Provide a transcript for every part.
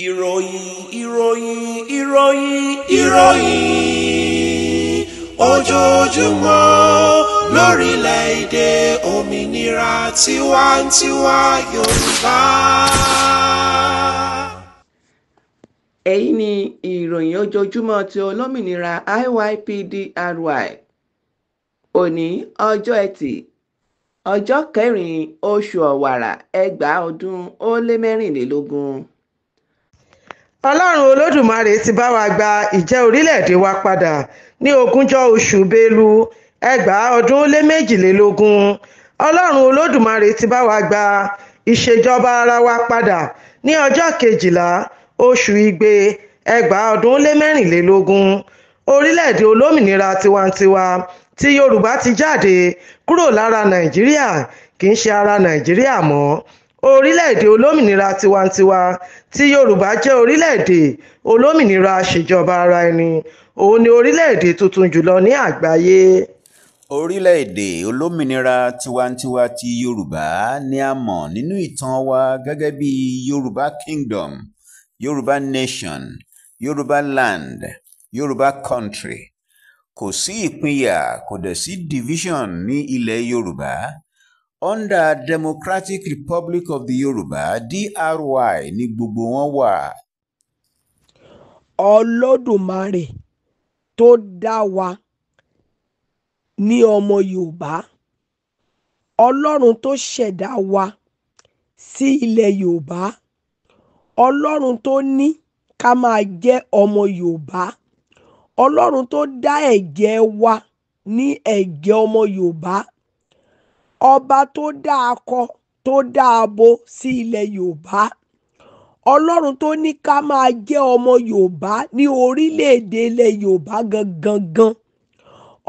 ìròyìn ìròyìn ìròyìn ìròyìn ojoojúmọ́ lórílẹ̀‐èdè òmìnira tiwantiwa yorùbá. èyí ni ìròyìn ojoojúmọ́ ti olómìnira IYPDRY òní ọjọ́ ẹtì ọjọ́ kẹrin oṣù ọ̀wàrà ẹgbàá ọdún ó lé mẹ́rìnlélógún ọlọ́run olódùmarè ti bá wa gba ìjẹ́ orílẹ̀-èdè wa padà ní ogúnjọ́ oṣù belu ẹgbàá ọdún ó lé méjìlélógún ọlọ́run olódùmarè ti bá wa gba ìṣèjọba ara wa padà ní ọjọ́ kejìlá oṣù igbe ẹgbàá ọdún ó lé mẹ́rìnlélógún orílẹ̀-èdè olómìnira tiwantiwa tí yorùbá ti jáde kúrò lára nàìjíríà kì í ṣe ara nàìjíríà mọ́ orílẹ̀-èdè olómìnira tiwantiwa tí yorùbá jẹ́ orílẹ̀-èdè olómìnira ṣèjọba ara ẹni òun ni orílẹ̀-èdè tuntun jùlọ ní àgbáyé. orílẹ̀-èdè olómìnira tiwantiwa ti yorùbá ni a mọ̀ nínú ìtàn wa gẹ́gẹ́ bí yorùbá kingdom yorùbá nation yorùbá land yorùbá country kò sí ìpínyà kò dẹ̀ sí division ní ilẹ̀ yorùbá Under Democratic Republic of the Yoruba, (DRY) ni gbogbo wọn wà. Olódùmarè tó dá wa ní ọmọ Yorùbá Ọlọ́run tó ṣẹ̀dá wa sí ilẹ̀ Yorùbá Ọlọ́run tó ní ká máa jẹ́ ọmọ Yorùbá Ọlọ́run tó dá ẹ̀jẹ̀ wa ní ẹ̀jẹ̀ ọmọ Yorùbá ọba tó dá akọ tó dá abo sí ilẹ̀ yorùbá ọlọ́run tó ní ká máa jẹ́ ọmọ yorùbá ní orílẹ̀-èdè ilẹ̀ yorùbá gangan gan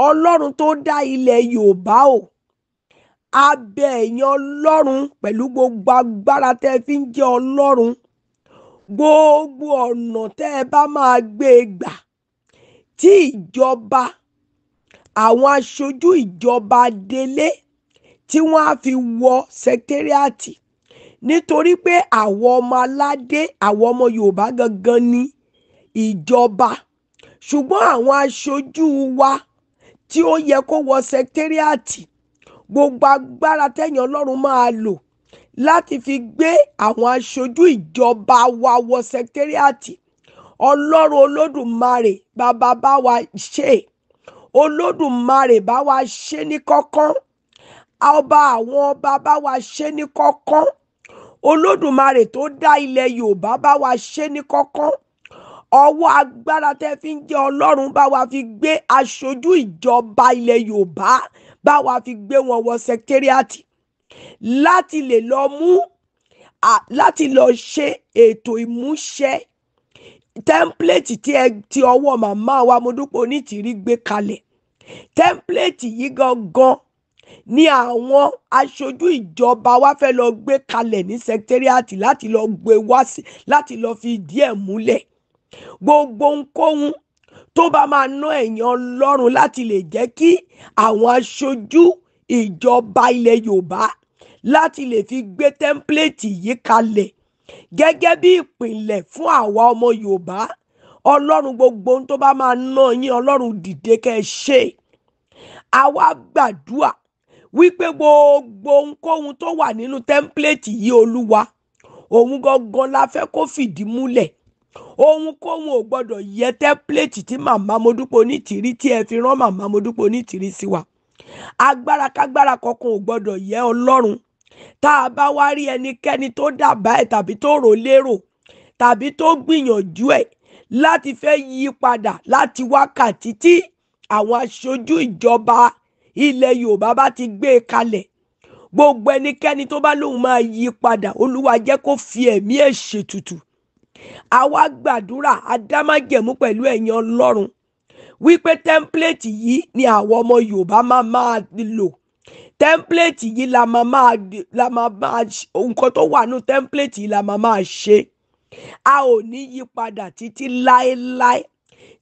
ọlọ́run tó dá ilẹ̀ yorùbá o abẹ ẹ̀yàn ọlọ́run pẹ̀lú gbogbo agbára tẹ́ fi ń jẹ́ ọlọ́run gbogbo ọ̀nà tẹ́ ẹ bá máa gbé e gbà tí ìjọba àwọn aṣojú ìjọba délé tí wọ́n á fi wọ sẹkítẹ́rìàtì nítorí pé àwọn ọmọ aládé àwọn ọmọ Yorùbá gangan ni ìjọba ṣùgbọ́n àwọn aṣojú wa tí ó yẹ kó wọ sẹkítẹ́rìàtì gbogbo agbára tẹ̀yìn Ọlọ́run máa lò láti fi gbé àwọn aṣojú ìjọba wa wọ sẹkítẹ́rìàtì Ọlọ́run Olódùmarè bàbá bá wa ṣe Olódùmarè bá wa ṣe ní kọ́kán ọba àwọn ọba bá wa ṣe ní kọ́kán olódùmarè tó dá ilẹ̀ yorùbá bá wa ṣe ní kọ́kán ọwọ́ agbára tẹ́ fi ń jẹ́ ọlọ́run bá wa fi gbé aṣojú ìjọba ilẹ̀ yorùbá bá wa fi gbé wọn wọ sẹkítẹ́rìàtì láti lè lọ mú láti lọ ṣe ètò ìmúṣẹ tẹ́ḿpìlẹ̀tì tí ẹ ti ọwọ́ màmá wa mo dúpọ̀ onítìrí gbé kalẹ̀ tẹ́ḿpìlẹ̀tì yìí gangan ni àwọn aṣojú ìjọba wa fẹ́ lọ gbé kalẹ̀ ní sẹkítẹ́rìàtì láti lọ gbé wá sí láti lọ fi díẹ̀ múlẹ̀ gbogbo ohunkóhun tó bá máa ná ẹ̀yàn ọlọ́run láti lè jẹ́ kí àwọn aṣojú ìjọba ilẹ̀ yorùbá láti lè fi gbé tẹ́ḿpìlẹ̀tì yìí kalẹ̀ gẹ́gẹ́ bí ìpìlẹ̀ fún àwa ọmọ yorùbá ọlọ́run gbogbo tó bá máa ná yín ọlọ́run dìde kẹ́ ẹ ṣe àwa gbàdúrà wípé gbogbo ohunkóhun tó wà nínú tẹ́ḿpìlẹ̀tì yìí olúwa òun gangan la fẹ́ kó fìdí múlẹ̀ ohunkóhun ò gbọ́dọ̀ yẹ tẹ́ḿpìlẹ̀tì tí màmá Modúpẹ́ Onítìrí tí ẹ fi rán màmá Modúpẹ́ Onítìrí sí wa agbára kágbára kankan ò gbọ́dọ̀ yẹ ọlọ́run tá a bá wá rí ẹnikẹ́ni tó dàbàá ẹ̀ tàbí tó rò lérò tàbí tó gbìyànjú ẹ̀ láti fẹ́ yí padà láti wákàtí tí àwọn aṣojú ìjọba ilẹ̀ yorùbá bá ti gbé e kalẹ̀ gbogbo ẹnikẹ́ni tó bá lóun máa yí padà olúwa jẹ́ kó fi ẹ̀mí ẹ̀ ṣètùtù àwa gbàdúrà adámájẹ̀mú pẹ̀lú ẹ̀yin ọlọ́run wípé tẹ́ḿpìlẹ̀tì yìí ni àwọn ọmọ yorùbá máa máa lò tẹ́ḿpìlẹ̀tì yìí la máa máa la máa máa nǹkan tó wà nù tẹ́ḿpìlẹ̀tì yìí la máa máa ṣe a ò ní yí padà títí láéláé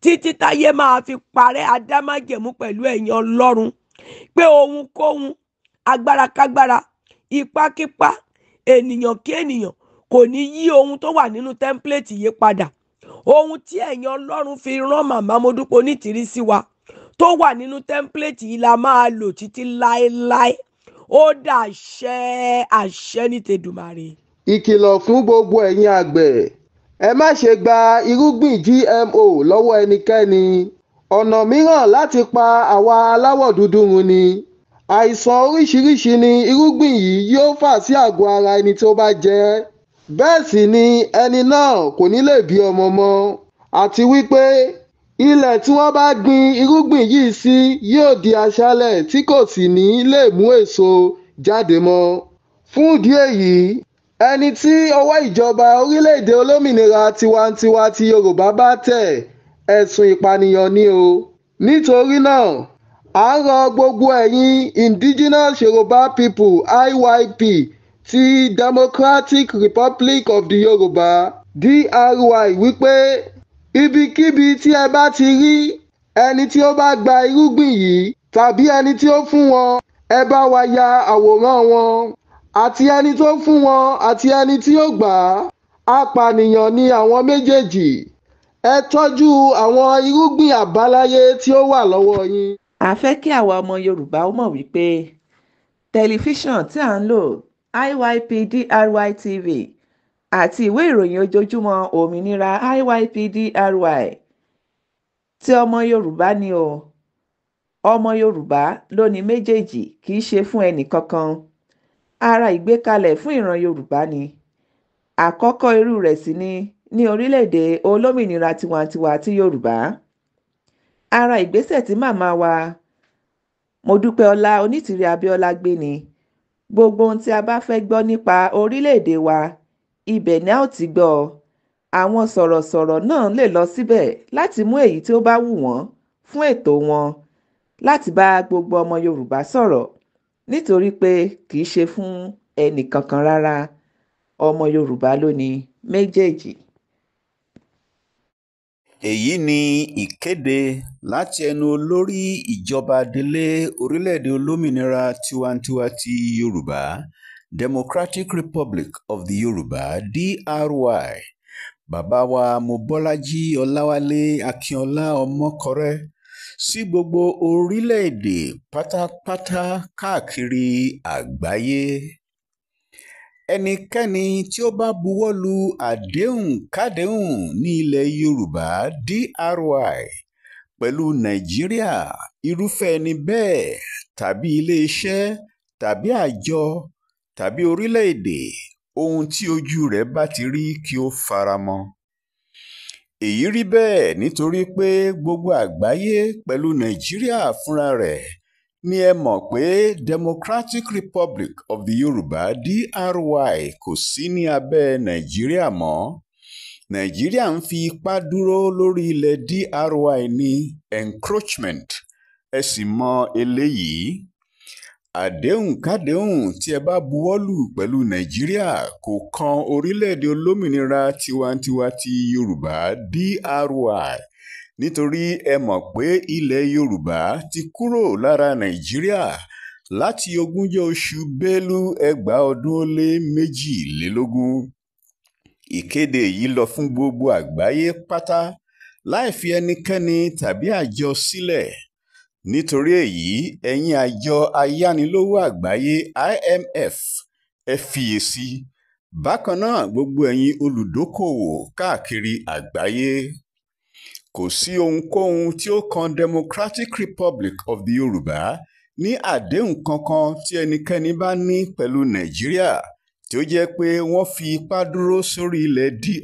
títí táyé máa fi parẹ́ adámájẹ̀mú pẹ̀lú ẹ̀yin ọlọ́run pé ohunkóhun agbára kágbára ipákípá ènìyàn kí ènìyàn kò ní yí ohun tó wà nínú tẹ́ḿpìlẹ̀tì yìí padà ohun tí ẹ̀yin ọlọ́run fi rán màmá Modúpẹ́ Onítìrí sí wa tó wà nínú tẹ́ḿpìlẹ̀tì yìí la máa lò títí láéláé ó dàṣẹ àṣẹ ní tèdùmàrè. ìkìlọ̀ fún gbogbo ẹ̀yin àgbẹ̀ ẹ má ṣe gba irúgbìn GMO lọ́wọ́ ẹnikẹ́ni ọ̀nà mìíràn láti pa àwa aláwọ̀ dúdú run ni àìsàn oríṣiríṣi ni irúgbìn yìí yóò fà sí àgọ́ ara ẹni tó bá jẹ ẹ́ bẹ́ẹ̀ sì ni ẹni náà kò ní lè bí ọmọ mọ́ àti wípé ilẹ̀ tí wọ́n bá gbin irúgbìn yìí sí yóò di aṣálẹ̀ tí kò sì ní lè mú èso jáde mọ́ fún ìdí èyí ẹni tí ọwọ́ ìjọba orílẹ̀-èdè olómìnira tiwantiwa ti Yorùbá bá tẹ̀ ẹ̀sùn ìpànìyàn ni o nítorí náà à ń rọ gbogbo ẹ̀yin indigenous yorùbá people iyp ti democratic republic of the yorùbá dry wípé ibikíbi tí ẹ bá ti rí ẹni tí ó bá gba irúgbìn yìí tàbí ẹni tí ó fún wọn ẹ bá wa ya àwòrán wọn àti ẹni tó fún wọn àti ẹni tí ó gbà á apànìyàn ni àwọn méjèèjì ẹ tọ́jú àwọn irúgbìn àbáláyé tí ó wà lọ́wọ́ yín. a fẹ́ kí àwa ọmọ yorùbá ó mọ̀ wípé tẹlifíṣàn tí à ń lò IYPDRY-TV àti ìwé ìròyìn ojoojúmọ́ òmìnira IYPDRY tí ọmọ yorùbá ni o ọmọ yorùbá ló ní méjèèjì kì í ṣe fún ẹnì kankan ara ìgbékalẹ̀ fún ìran yorùbá ni àkọ́kọ́ irú rẹ̀ sì ni ní orílẹ̀-èdè olómìnira tiwantiwa ti yorùbá ara ìgbésẹ̀ tí màmá wa mọ́dúpẹ́ọlá onítìrí abíọ́lá gbé ni gbogbo ohun tí a bá fẹ́ gbọ́ nípa orílẹ̀-èdè wa ibẹ̀ ni a ó ti gbọ́ àwọn sọ̀rọ̀sọ̀rọ̀ náà lè lọ síbẹ̀ láti mú èyí tí ó bá wù wọ́n fún ètò wọn láti bá gbogbo ọmọ yorùbá sọ̀rọ̀ nítorí pé kì í ṣe fún ẹnì rárá ọmọ yorùbá ló méjèèjì èyí ni ìkéde láti ẹnu olórí ìjọba adelé orílẹ̀-èdè olómìnira tiwantiwa ti yorùbá democratic republic of the yorùbá dry bàbá wa mobọ́lájí ọláwálé akínọlá ọmọkọrẹ́ sí si gbogbo orílẹ̀-èdè pátápátá káàkiri àgbáyé ẹnikẹ́ni tí ó bá buwọ́ lu àdéhùnkàdéhùn ní ilẹ̀ yorùbá dry pẹ̀lú nàìjíríà irúfẹ́ ẹni bẹ́ẹ̀ tàbí iléeṣẹ́ tàbí àjọ tàbí orílẹ̀-èdè ohun tí ojú rẹ̀ bá ti rí kí ó fara mọ́ èyí rí bẹ́ẹ̀ nítorí pé gbogbo àgbáyé pẹ̀lú nàìjíríà fúnra rẹ̀ ni ẹ mọ̀ pé democratic republic of the Yoruba dry kò sí ní abẹ́ nàìjíríà mọ́ nàìjíríà ń fi ipá dúró lórí ilẹ̀ dry ní encroachment ẹ sì mọ eléyìí àdéhùn kádéhùn tí ẹ bá buwọ́lù pẹ̀lú nàìjíríà kò kan orílẹ̀-èdè olómìnira tiwantiwa ti yorùbá dry nítorí ẹ mọ̀ pé ilẹ̀ yorùbá ti kúrò lára nàìjíríà láti ogúnjọ́ oṣù bélú ẹgbàá ọdún ó lé méjìlélógún ìkéde yìí lọ fún gbogbo àgbáyé pátá láì fi ẹnikẹ́ni tàbí àjọ sílẹ̀ nítorí èyí ẹ̀yin àjọ ayánilówó àgbáyé IMF ẹ fiyèsí bákan náà gbogbo ẹ̀yin olùdókòwò káàkiri àgbáyé kò sí ohunkóhun tí ó kan democratic republic of the yorùbá ní àdéhùn kankan tí ẹnikẹ́ni bá ní pẹ̀lú nàìjíríà tí ó jẹ́ pé wọ́n fi ipá dúró sórí ilẹ̀ dry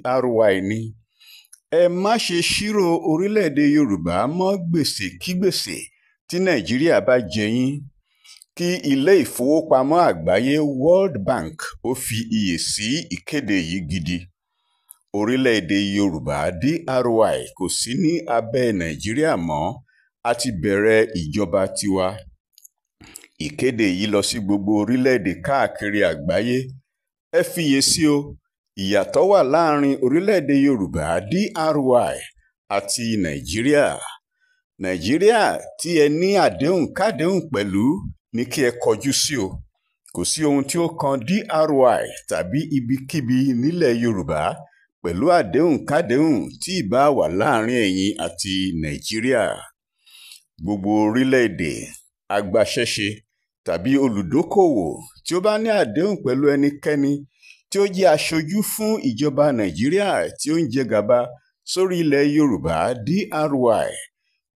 ni ẹ má ṣe ṣírò orílẹ̀-èdè yorùbá mọ́ gbèsè kí gbèsè tí nàìjíríà bá jẹ yín kí ilé ìfowópamọ́ àgbáyé world bank ó fi iyè sí ìkéde yìí gidi orílẹ̀-èdè yorùbá dry kò sí ní abẹ́ nàìjíríà mọ́ a ti bẹ̀rẹ̀ ìjọba tiwa ìkéde yìí lọ sí gbogbo orílẹ̀-èdè káàkiri àgbáyé ẹ fiyèsí o ìyàtọ̀ wà láàrin orílẹ̀-èdè yorùbá dry àti nàìjíríà nàìjíríà tí ẹ ní àdéhùn kádéhùn pẹ̀lú ní kí ẹ kọjú sí o kò sí ohun tí ó kan dry tàbí ibikíbi nílẹ̀ yorùbá pẹ̀lú àdéhùn kádéhùn tí ìbá wà láàrin ẹ̀yin àti nàìjíríà gbogbo orílẹ̀-èdè agbaṣẹ́ṣe tàbí olùdókòwò tí ó bá ní àdéhùn pẹ̀lú ẹnikẹ́ni tí ó jẹ́ aṣojú fún ìjọba nàìjíríà tí ó ń jẹ gàba sórí ilẹ̀ yorùbá dry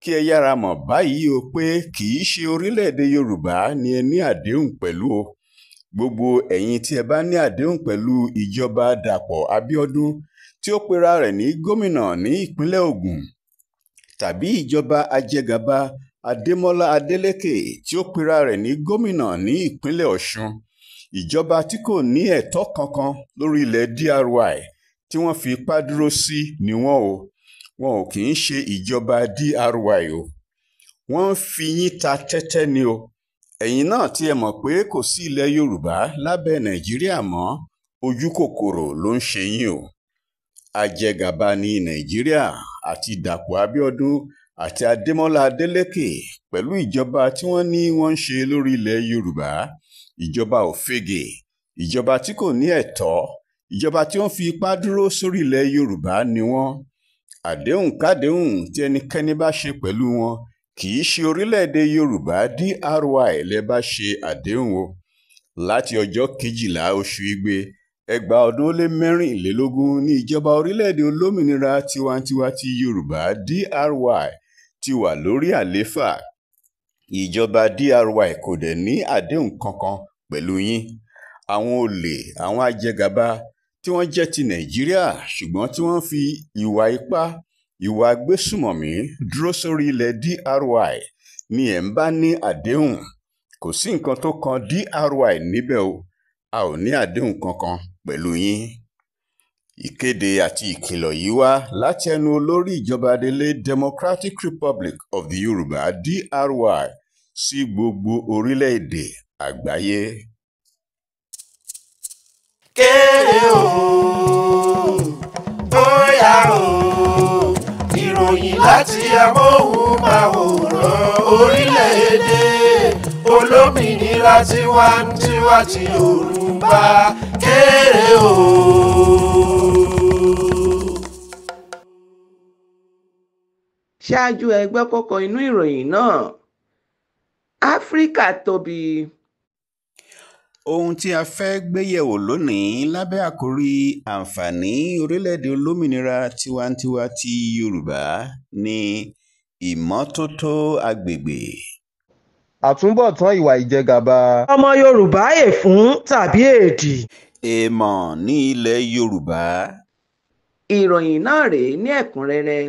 kí ẹ yára mọ̀ báyìí o pé kì í ṣe orílẹ̀-èdè yorùbá ni ẹ ní àdéhùn pẹ̀lú o gbogbo ẹ̀yin tí ẹ bá ní àdéhùn pẹ̀lú ìjọba dàpọ̀ abíọ́dún tí ó pera rẹ̀ ní gómìnà ní ìpínlẹ̀ Ògùn tàbí ìjọba ajẹgàba Adémọ́lá Adélékè tí ó pera rẹ̀ ní gómìnà ní ìpínlẹ̀ Ọ̀ṣun ìjọba tí kò ní ẹ̀tọ́ kankan lórí ilẹ̀ DRY tí wọ́n fi ipá dúró sí ni wọ́n o wọn ò kì í ṣe ìjọba DRY o wọ́n ń fi yín ta tẹ́tẹ́ ni o ẹ̀yin náà tí ẹ mọ̀ pé kò sí ilẹ̀ Yorùbá lábẹ́ Nàìjíríà mọ́ ojú kòkòrò ló ń ṣe yín o ajẹgàba ní nàìjíríà àti dàpọ̀ abiodun àti adémọlá adeleke pẹ̀lú ìjọba tí wọ́n ní wọ́n ń ṣe lórí ilẹ̀ yorùbá ìjọba òfegè ìjọba tí kò ní ẹ̀tọ́ ìjọba tí ó ń fi ipá dúró sórí ilẹ̀ yorùbá ni wọ́n àdéhùn kádéhùn tí ẹnikẹ́ni bá ṣe pẹ̀lú wọn kì í ṣe orílẹ̀-èdè yorùbá DRY lẹ bá ṣe àdéhùn o láti ọjọ́ kejìlá oṣù igbe ẹgbàá ọdún ó lé mẹ́rìnlélógún ní ìjọba orílẹ̀-èdè olómìnira tiwantiwa ti yorùbá dry ti wà lórí àlééfà ìjọba dry kò dẹ̀ ní àdéhùn kankan pẹ̀lú yín àwọn olè àwọn ajẹgàba tí wọ́n jẹ́ ti nàìjíríà ṣùgbọ́n tí wọ́n fi ìwà ipá ìwà agbésùmọ̀mí dúró sórí ilẹ̀ dry ni ẹ̀ ń bá ní àdéhùn kò sí nǹkan tó kan dry níbẹ̀ o a ò ní àdéhùn kankan pẹ̀lú yín ìkéde àti ìkìlọ̀ yìí wá láti olórí ìjọba adelé democratic republic of the yorùbá dry sí gbogbo orílẹ̀-èdè àgbáyé. kéde o bóyá o ìròyìn láti amóhùnmáwòrán orílẹ̀-èdè olómìnira tiwantiwa ti òru bá kéré o. ṣáájú ẹgbẹ́ kọ́kọ́ inú ìròyìn náà áfíríkà tóbi. ohun tí a fẹ́ gbé yẹ̀wò lónìí lábẹ́ àkórí àǹfààní orílẹ̀-èdè olómìnira tiwantiwa ti yorùbá ní ìmọ́tótó agbègbè àtúbọ̀tán ìwà ìjẹgàba. ọmọ yorùbá èfún tàbí èdì. èèmọ̀ ní ilẹ̀ yorùbá. ìròyìn náà rèé ní ẹ̀kúnrẹ́rẹ́.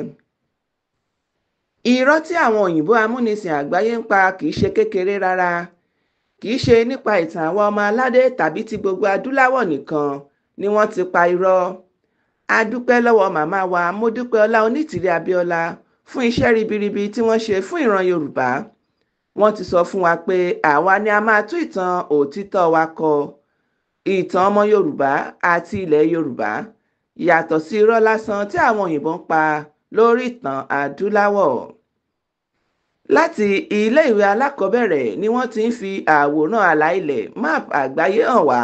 irọ́ tí àwọn òyìnbó amúnisìn àgbáyé ń pa kì í ṣe kékeré rárá kì í ṣe nípa ìtàn àwọn ọmọ aládé tàbí ti gbogbo adúláwọ̀ nìkan ni wọ́n ti pa irọ́. a dúpẹ́ lọ́wọ́ màmá wa mo dúpẹ́ ọlá onítìrí abíọ́lá fún iṣẹ́ ribiribi tí wọ́n ṣe fún ìran yorùbá wọ́n ti sọ fún wa pé àwa ni a máa tú ìtàn òtítọ́ wa kọ ìtàn ọmọ yorùbá àti ilẹ̀ yorùbá yàtọ̀ sí irọ́ lásán tí àwọn òyìnbó ń pa lórí ìtàn adúláwọ̀ láti iléèwé alákọ̀ọ́bẹ̀rẹ̀ ni wọ́n ti ń fi àwòrán àlàilẹ̀ map àgbáyé hàn wá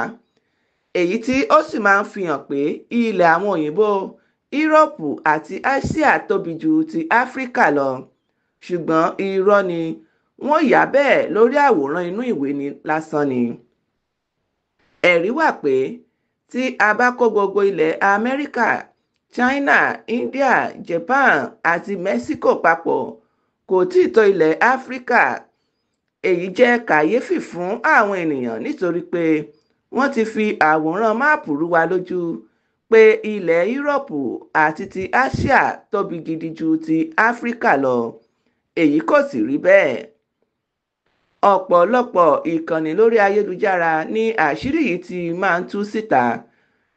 èyí tí ó sì máa ń fi hàn pé ilẹ̀ àwọn òyìnbó yúròpù àti asia tóbi ju ti áfíríkà lọ ṣùgbọ́n irọ́ ni wọ́n yà bẹ́ẹ̀ lórí àwòrán inú ìwé ni lásán ni. ẹ̀rí wà pé tí a bá kó gbogbo ilẹ̀ amẹ́ríkà china india japan àti mexico papọ̀ kò tí ì tó ilẹ̀ áfíríkà èyí jẹ́ kàyéfì fún àwọn ènìyàn nítorí pé wọ́n ti fi àwòrán máàpù rú wa lójú pé ilẹ̀ yúròpù àti ti asia tóbi gidi ju ti áfíríkà lọ èyí kò sì rí bẹ́ẹ̀ ọ̀pọ̀lọpọ̀ ìkànnì lórí ayélujára ni àṣírí yìí ti máa ń tú síta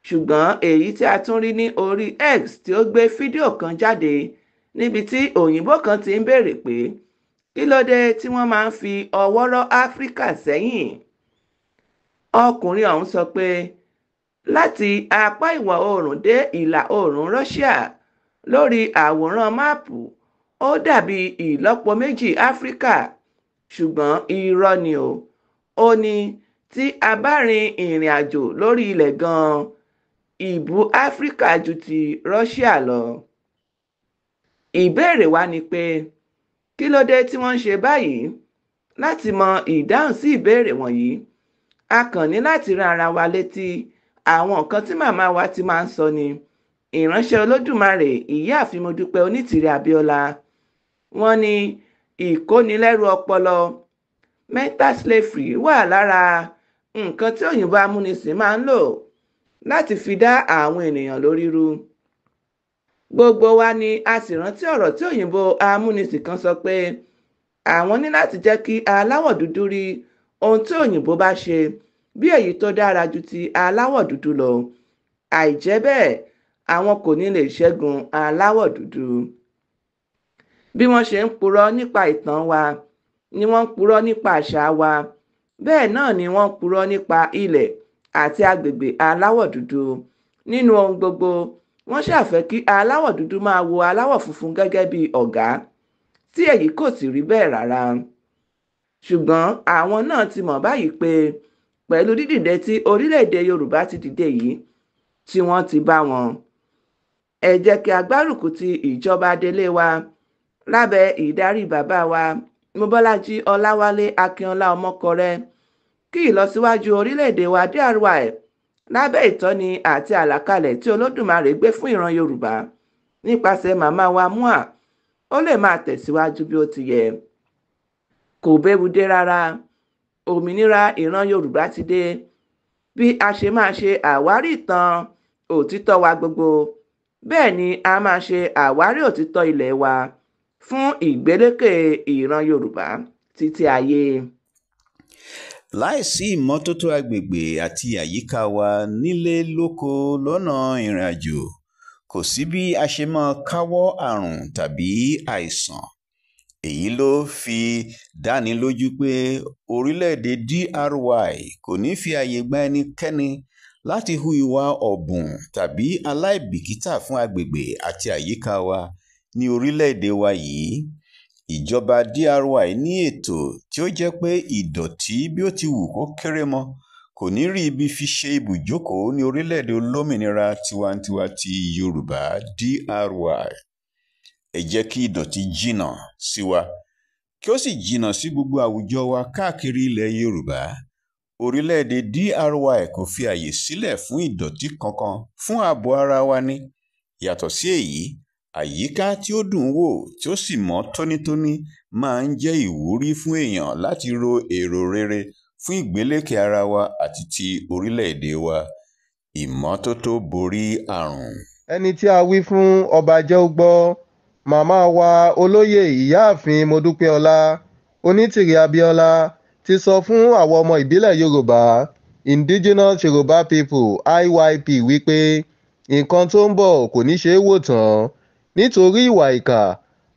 ṣùgbọ́n èyí tí a tún rí ní orí X tí ó gbé fídíò kan jáde níbi tí òyìnbó kan ti ń béèrè pé kí ló dé tí wọ́n máa ń fi ọwọ́ rọ́ Áfíríkà sẹ́yìn ọkùnrin ọ̀hún sọ pé láti apá ìwọ̀ oòrùn dé ìlà oòrùn Russia lórí àwòrán máàpù ó dàbí ìlọ́po méjì Áfíríkà ṣùgbọ́n irọ́ ni o ó ní tí a bá rin ìrìn àjò lórí ilẹ̀ gan-an ìbú áfíríkà ju ti russia lọ. ìbéèrè wa ni pé kí ló dé tí wọ́n ń ṣe báyìí láti mọ ìdáhùn sí ìbéèrè wọ̀nyí a kàn ní láti rán ara wa létí àwọn nǹkan tí màmá wa ti máa ń sọ ni ìránṣẹ́ olódùmarè ìyáàfin Modúpẹ́ Onítìrí Abíọ́lá wọ́n ní ìkónilẹ́rù ọpọlọ mental slavery wà lára nǹkan tí òyìnbó amúnisìn máa ń lò láti fi dá àwọn ènìyàn lórí rú gbogbo wa ni a sì rántí ọ̀rọ̀ tí òyìnbó amúnisìn kan sọ pé àwọn ní láti jẹ́ kí aláwọ̀ dúdú rí ohun tí òyìnbó bá ṣe bí èyí tó dára ju ti aláwọ̀ dúdú lọ àìjẹ́ bẹ́ẹ̀ àwọn kò ní lè ṣẹ́gun aláwọ̀ dúdú bí wọ́n ṣe ń purọ́ nípa ìtàn wa ni wọ́n ń purọ́ nípa àṣà wa bẹ́ẹ̀ náà ni wọ́n ń purọ́ nípa ilẹ̀ àti agbègbè aláwọ̀ dúdú nínú ohun gbogbo wọ́n ṣàfẹ́ kí aláwọ̀ dúdú máa wo aláwọ̀ funfun gẹ́gẹ́ bí ọ̀gá tí èyí kò sì rí bẹ́ẹ̀ rárá ṣùgbọ́n àwọn náà ti mọ̀ báyìí pé pẹ̀lú dídìde tí orílẹ̀-èdè Yorùbá ti dìde yìí tí wọ́n ti bá wọn ẹ jẹ́ kí a ti ìjọba délé wa lábẹ́ ìdarí bàbá wa mobọ́lájí ọláwálé akínọlá ọmọkọrẹ kí ìlọsíwájú orílẹ̀-èdè wa DRY lábẹ́ ìtọ́ni àti àlàkalẹ̀ tí olódùmarè gbé fún ìran yorùbá nípasẹ̀ màmá wa mua ó lè máa tẹ̀síwájú bí ó ti yẹ kò béwu dé rárá òmìnira ìran yorùbá ti dé bí a ṣe máa ṣe àwárí ìtàn òtítọ́ wa gbogbo bẹ́ẹ̀ ni a máa ṣe àwárí òtítọ́ ilẹ̀ wa fún ìgbélékè ìran Yorùbá títí ayé. Láìsí ìmọ́tótó agbègbè àti àyíká wa nílé lóko lọ́nà ìrìnàjò kò sí bí a ṣe máa káwọ́ àrùn tàbí àìsàn èyí ló fi dáni lójú pé orílẹ̀-èdè DRY kò ní fi àyè gba ẹnikẹ́ni láti hu ìwà ọ̀bùn tàbí aláìbìkítà fún agbègbè àti àyíká wa ní orílẹ̀-èdè wa yìí ìjọba diy ní ètò tí ó jẹ́ pé ìdọ̀tí bí ó ti wù kó kéré mọ kò ní rí ibi fi ṣe ibùjókòó ní orílẹ̀-èdè olómìnira tiwantiwa ti yorùbá diy ẹ jẹ́ kí ìdọ̀tí jìnnà sí wa kí ó sì jìnnà sí gbogbo àwùjọ wa káàkiri ilẹ̀ yorùbá orílẹ̀-èdè diy kò fi àyè sílẹ̀ fún ìdọ̀tí kankan fún ààbò ara wa ni yàtọ̀ sí èyí Àyíká tí ó dùn wò tí ó sì mọ́ tónítóní máa ń jẹ́ ìwúrí fún èèyàn láti ro èrò rere fún ìgbéléke ara wa àti ti orílẹ̀-èdè wa. Ìmọ́tótó borí àrùn. Ẹni tí a wí fún ọba jẹ́ gbọ́. Màmá wa Olóyè Ìyáàfin Modúpẹ́ọlá Onítìrí Abíọ́lá ti sọ fún àwọn ọmọ ìbílẹ̀ Yorùbá Indigenous Yorùbá People IYP wípé nǹkan tó ń bọ̀ kò ní ṣeé wò tán nítorí ìwà ìkà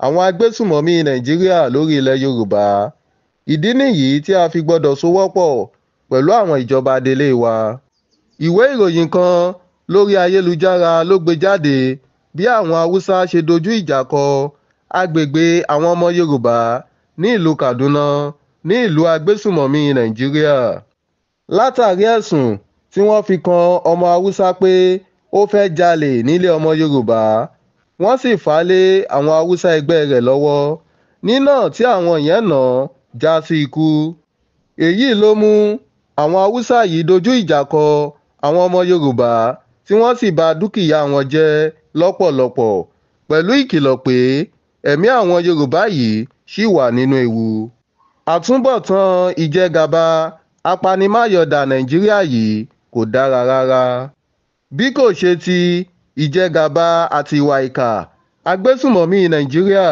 àwọn agbésùmọ̀mí nàìjíríà lórí ilẹ̀ yorùbá ìdí nìyí tí a fi gbọ́dọ̀ sowọ́pọ̀ pẹ̀lú àwọn ìjọba adelé wa ìwé ìròyìn kan lórí ayélujára ló gbé jáde bí àwọn haúsá ṣe dojú ìjà kọ agbègbè àwọn ọmọ yorùbá ní ìlú kaduna ní ìlú agbésùmọ̀mí nàìjíríà látàrí ẹ̀sùn tí wọ́n fi kan ọmọ haúsá pé ó fẹ́ jalè nílé ọmọ yorùbá wọ́n sì fà á lé àwọn haúsá ẹgbẹ́ rẹ̀ lọ́wọ́ nínà tí àwọn yẹn nà já sí ikú èyí ló mú àwọn haúsá yìí dojú ìjà kọ àwọn ọmọ yorùbá tí wọ́n sì bà dúkìá wọn jẹ́ lọ́pọ̀lọpọ̀ pẹ̀lú ìkìlọ̀ pé ẹ̀mí àwọn yorùbá yìí ṣì wà nínú ewu àtúbọ̀tán ìjẹgàba apanimáyọ̀dà nàìjíríà yìí kò dára rárá bí kò ṣe ti ìjẹgàba àti ìwà ìkà agbésùmọ̀mí nàìjíríà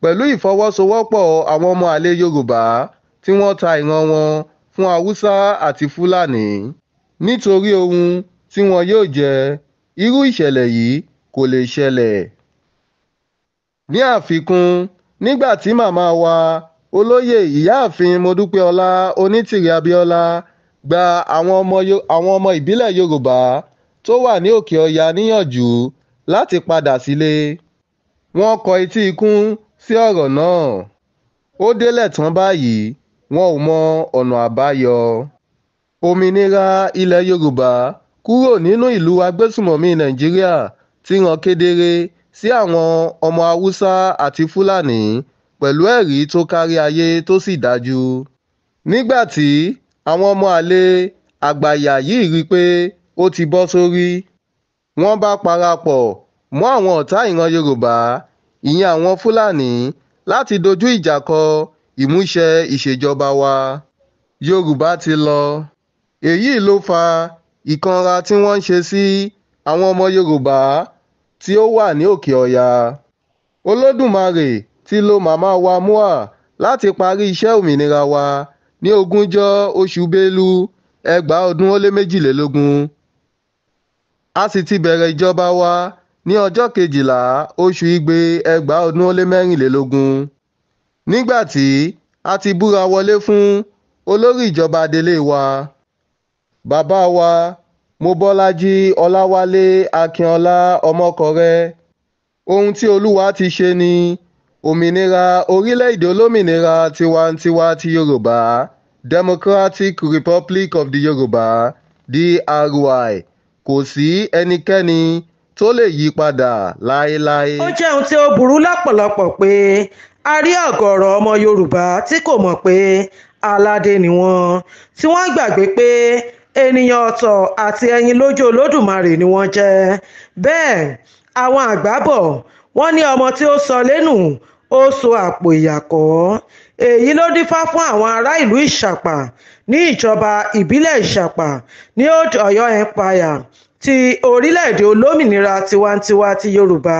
pẹ̀lú ìfọwọ́sowọ́pọ̀ àwọn ọmọ àlè yorùbá tí wọ́n ta ìran wọn fún haúsá àti fúlàní nítorí ohun tí wọn yóò jẹ irú ìṣẹ̀lẹ̀ yìí kò lè ṣẹlẹ̀ ní àfikún nígbà tí màmá wa olóyè ìyáàfin modúpẹ́ọlá onítìrí abíọ́lá gba àwọn ọmọ ìbílẹ̀ yorùbá tó wà ní òkè ọ̀yà níyànjú láti padà sílé wọ́n kọ etí ikún sí ọ̀rọ̀ náà ó délẹ̀ tán báyìí wọn ò mọ ọ̀nà àbáyọ òmìnira ilẹ̀ yorùbá kúrò nínú ìlú agbésùmọ̀mí nàìjíríà ti hàn kedere sí àwọn ọmọ haúsá àti fúlàní pẹ̀lú ẹ̀rí tó kárí ayé tó sì dájú nígbà tí àwọn ọmọ àlè àgbàyà yìí rí i pé ó ti bọ́ sórí wọ́n bá parapọ̀ mọ́ àwọn ọ̀tá ìran yorùbá ìyẹn àwọn fúlàní láti dojú ìjà kọ ìmúṣẹ ìṣèjọba wa yorùbá ti lọ èyí ló fa ìkanra tí wọ́n ń ṣe sí àwọn ọmọ yorùbá tí ó wà ní òkè ọ̀yà olódùmarè ti lo màmá wa mua láti parí iṣẹ́ òmìnira wa ní ogúnjọ́ oṣù bélú ẹgbàá ọdún ó lé méjìlélógún a sì ti bẹ̀rẹ̀ ìjọba wa ní ọjọ́ kejìlá oṣù igbe ẹgbàá ọdún ó lé mẹ́rìnlélógún nígbà tí a ti búra wọlé fún olórí ìjọba adelé wa bàbá wa mobọ́lájí ọláwálé akínọlá ọmọkọrẹ ohun tí olúwa ti ṣe ni òmìnira orílẹ̀-èdè olómìnira tiwantiwa ti yorùbá democratic republic of the yorùbá dry kò sí ẹnikẹ́ni tó lè yí padà láéláé. ó jẹ́ ohun tí ó burú lápọ̀lọpọ̀ pé a rí ọ̀gọ̀rọ̀ ọmọ yorùbá tí kò mọ̀ pé aládé ni wọ́n tí wọ́n gbàgbé pé ènìyàn ọ̀tọ̀ àti ẹyin lójú olódùmarè ni wọ́n jẹ́ bẹ́ẹ̀ àwọn àgbà bọ̀ wọ́n ní ọmọ tí ó sọ lẹ́nu ó so àpò ìyàkọ́ èyí ló dífá fún àwọn ará ìlú ìṣàpà ní ìjọba ìbílẹ̀ ìṣàpà ní old ọ̀yọ́ empire ti orílẹ̀-èdè olómìnira tiwantiwa ti yorùbá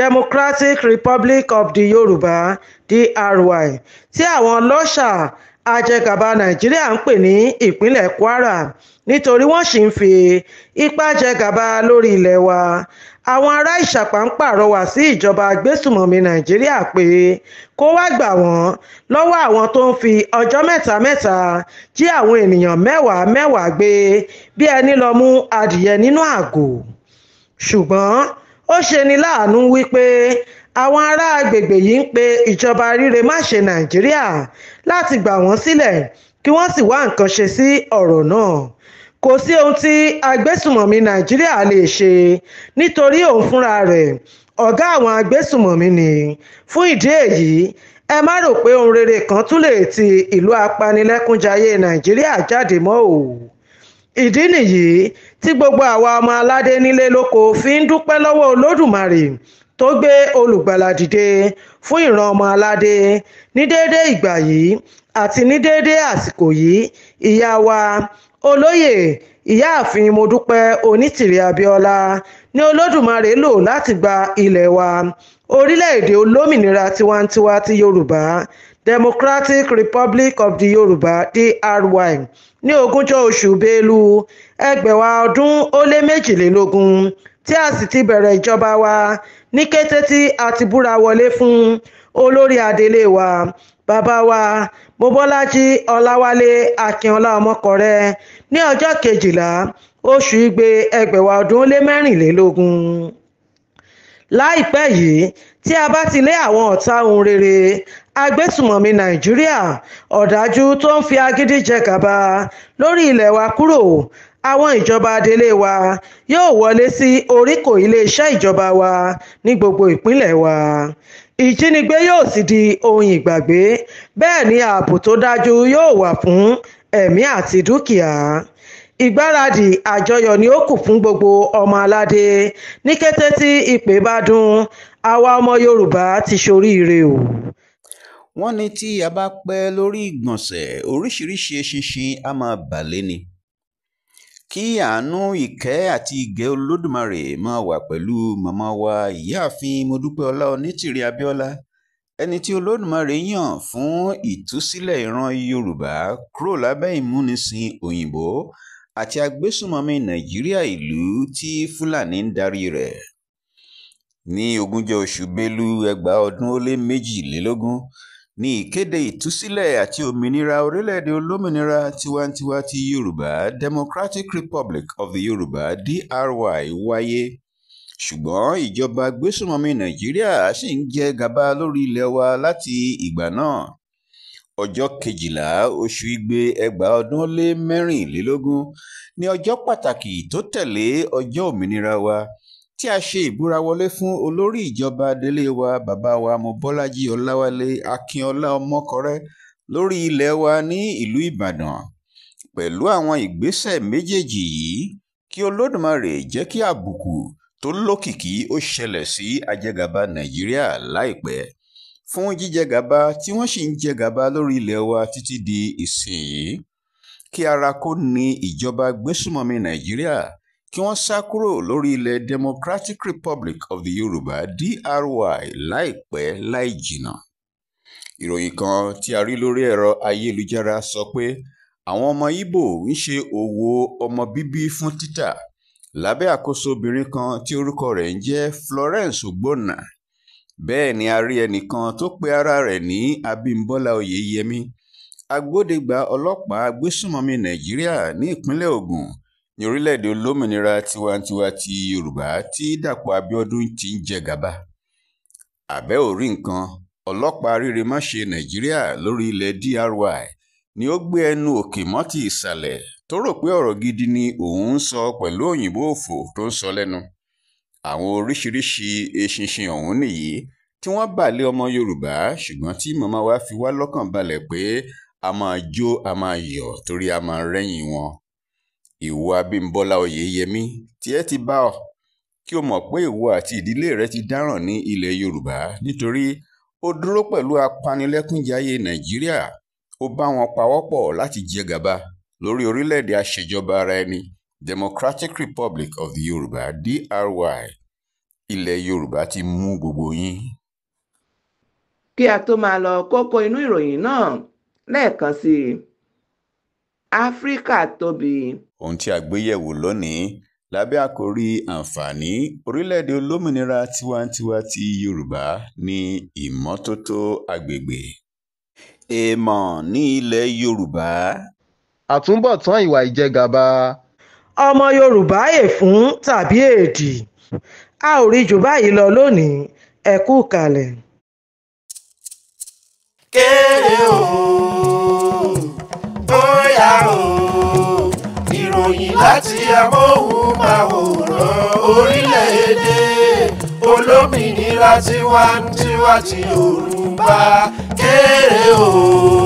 democratic republic of the yorùbá dry tí àwọn lọ́ṣà àjẹgàba nàìjíríà ń pè ní ìpínlẹ̀ kwara nítorí wọ́n sì ń fi ipá jẹgàba lórí ilẹ̀ wa àwọn ará ìṣàpá ń pàrọwà sí ìjọba agbésùmọ̀mí nàìjíríà pé kó wá gbà wọ́n lọ́wọ́ àwọn tó ń fi ọjọ́ mẹ́ta mẹ́ta jí àwọn ènìyàn mẹ́wàá mẹ́wàá gbé bí ẹni lọ mú adìyẹ nínú àgò ṣùgbọ́n ó ṣe ni láàánú wípé àwọn ará agbègbè yìí ń pe ìjọba ríre má ṣe nàìjíríà láti gbà wọ́n sílẹ̀ kí wọ́n sì wá nǹkan ṣe sí ọ̀rọ̀ náà kò sí ohun tí agbésùmọ̀mí nàìjíríà lè ṣe nítorí òun fúnra rẹ̀ ọ̀gá àwọn agbésùmọ̀mí ni fún ìdí èyí ẹ má rò pé ohun rere kan tún lè ti ìlú apanilẹ́kúnjayé nàìjíríà jáde mọ́ o ìdí nìyí tí gbogbo àwa ọmọ aládé nílé lóko fi ń dúpẹ́ lọ́wọ́ olódùmarè tó gbé olùgbàlà dìde fún ìran ọmọ aládé ní déédé ìgbà yìí àti ní déédé àsìkò yìí ìyá wa olóyè ìyáàfin modúpẹ́ onítìrí abiola, ní olódùmarè lò láti gba ilẹ̀ wa orílẹ̀-èdè olómìnira tiwantiwa ti yorùbá democratic republic of the yorùbá dry ní ogúnjọ́ oṣù bélú ẹgbẹ̀wá ọdún ó lé méjìlélógún tí a sì ti bẹ̀rẹ̀ ìjọba wa ní kété tí a ti búra wọlé fún olórí adelé wa bàbá wa mobọ́lájí ọláwálé akínọlá ọmọkọrẹ ní ọjọ́ kejìlá oṣù igbe ẹgbẹ̀wá ọdún lé mẹ́rìnlélógún láìpẹ́ yìí tí a bá ti lé àwọn ọ̀tá ohun rere agbésùmọ̀mí nàìjíríà ọ̀dájú tó ń fi agídí jẹ gàba lórí ilẹ̀ wa kúrò àwọn ìjọba adelé wa yóò wọlé sí oríkò iléeṣẹ́ ìjọba wa ní gbogbo ìpínlẹ̀ wa ìjínigbé yóò sì di ohun ìgbàgbé bẹ́ẹ̀ ni ààbò tó dájú yóò wà fún ẹ̀mí àti dúkìá ìgbáradì àjọyọ̀ ni ó kù fún gbogbo ọmọ aládé ní kété tí ìpè bá dún àwa ọmọ yorùbá ti ṣoríire o wọ́n ní tí a bá pẹ́ lórí ìgbọ̀nsẹ̀ oríṣiríṣi eṣinṣin á máa bà lé ni kí àánú ìkẹ́ àti ìgẹ́ olódùmarè máa wà pẹ̀lú màmá wa ìyáàfin modúpẹ́ọlá onítìrí abíọ́lá ẹni tí olódùmarè yàn fún ìtúsílẹ̀ ìran yorùbá kúrò lábẹ́ ìmúnisìn òyìnbó àti agbésùnmọ̀mí nàìjíríà ìlú tí fúlàní ń darí rẹ̀ ní ogúnjọ́ oṣù bélú ẹgbàá ọdún ó lé méjìlélógún ní ìkéde ìtúsílẹ̀ àti òmìnira orílẹ̀-èdè olómìnira tiwantiwa ti yorùbá democratic republic of the yorùbá dry wáyé ṣùgbọ́n ìjọba agbésùnmọ̀mí nàìjíríà ṣì ń jẹ gàba lórí ilẹ̀ wa láti ìgbà náà ọjọ́ kejìlá oṣù igbe ẹgbàá ọdún lé mẹ́rìnlélógún ní ọjọ́ pàtàkì tó tẹ̀lé ọjọ́ òmìnira wa tí a ṣe ìbúra wọlé fún olórí ìjọba délé wa bàbá wa mobọ́lájí ọláwálé akínọlá ọmọkọrẹ lórí ilẹ̀ wa ní ìlú ìbàdàn pẹ̀lú àwọn ìgbésẹ̀ méjèèjì yìí kí olódùmarè jẹ́ kí àbùkù tó lókìkí ó ṣẹlẹ̀ sí ajẹgàba nàìjíríà láìpẹ́ fún jíjẹgàba tí wọ́n sì ń jẹgàba lórí ilẹ̀ wa títí di ìsìn yìí kí ara kó ní ìjọba gbésùmọ̀mí nàìjíríà kí wọ́n sá kúrò lórí ilẹ̀ Democratic Republic of the Yoruba DRY láìpẹ́ láìjìnà. Ìròyìn kan tí a rí lórí ẹ̀rọ ayélujára sọ pé àwọn ọmọ Ìgbò ń ṣe òwò ọmọ bíbí fún títà lábẹ́ àkóso obìnrin kan tí orúkọ rẹ̀ ń jẹ́ Florence Ogbonna bẹ́ẹ̀ ni a rí ẹnìkan tó pe ara rẹ̀ ní Abímbọ́lá Oyèyẹmí agbódegbà ọlọ́pàá agbésùnmọ̀mí Nàìjíríà ní ìpínlẹ̀ Ògùn ní orílẹ̀-èdè olómìnira tiwantiwa ti yorùbá tí dàpọ̀ abiodun ti ń jẹ gàba abẹ́ ò rí nǹkan ọlọ́pàá rírẹ má ṣe nàìjíríà lórí ilẹ̀ dry ni ó gbé ẹnu òkè mọ́ ti ìsàlẹ̀ tó rò pé ọ̀rọ̀ gidi ni òun ń sọ pẹ̀lú òyìnbó òfò tó ń sọ lẹ́nu àwọn oríṣiríṣi eṣinṣin ọ̀hún nìyí tí wọ́n bà lé ọmọ yorùbá ṣùgbọ́n tí màmá wa fi wá lọ́kàn balẹ̀ pé a máa jó a máa yọ̀ torí a máa rẹ́yìn wọn ìwọ abímbọ́lá oyèyẹmí tiẹ̀ ti bá ọ kí o mọ̀ pé ìwọ àti ìdílé rẹ ti dáràn ní ilẹ̀ yorùbá nítorí ó dúró pẹ̀lú apanilẹ́kúnjayé nàìjíríà ó bá wọn pawọ́pọ̀ láti jẹ gàba lórí orílẹ̀-èdè àṣejọba ara ẹni democratic republic of the yorùbá dry ilẹ̀ yorùbá ti mú gbogbo yín. kí a tó máa lọ kókó inú ìròyìn náà lẹ́ẹ̀kan sí i áfíríkà tóbi. ohun tí a gbé yẹ̀wò lónìí lábẹ́ àkórí àǹfààní orílẹ̀-èdè olómìnira tiwantiwa ti yorùbá ní ìmọ́tótó agbègbè. èèmọ̀ ní ilẹ̀ yorùbá. àtúbọ̀tán ìwà ìjẹgàba. ọmọ yorùbá èfún tàbí èdì a ò rí jù báyìí lọ lónìí ẹ kú kalẹ̀. kéré o. láti amóhùnmáwòrán orílẹ̀-èdè olómìnira tiwantiwa ti Yorùbá kéré o.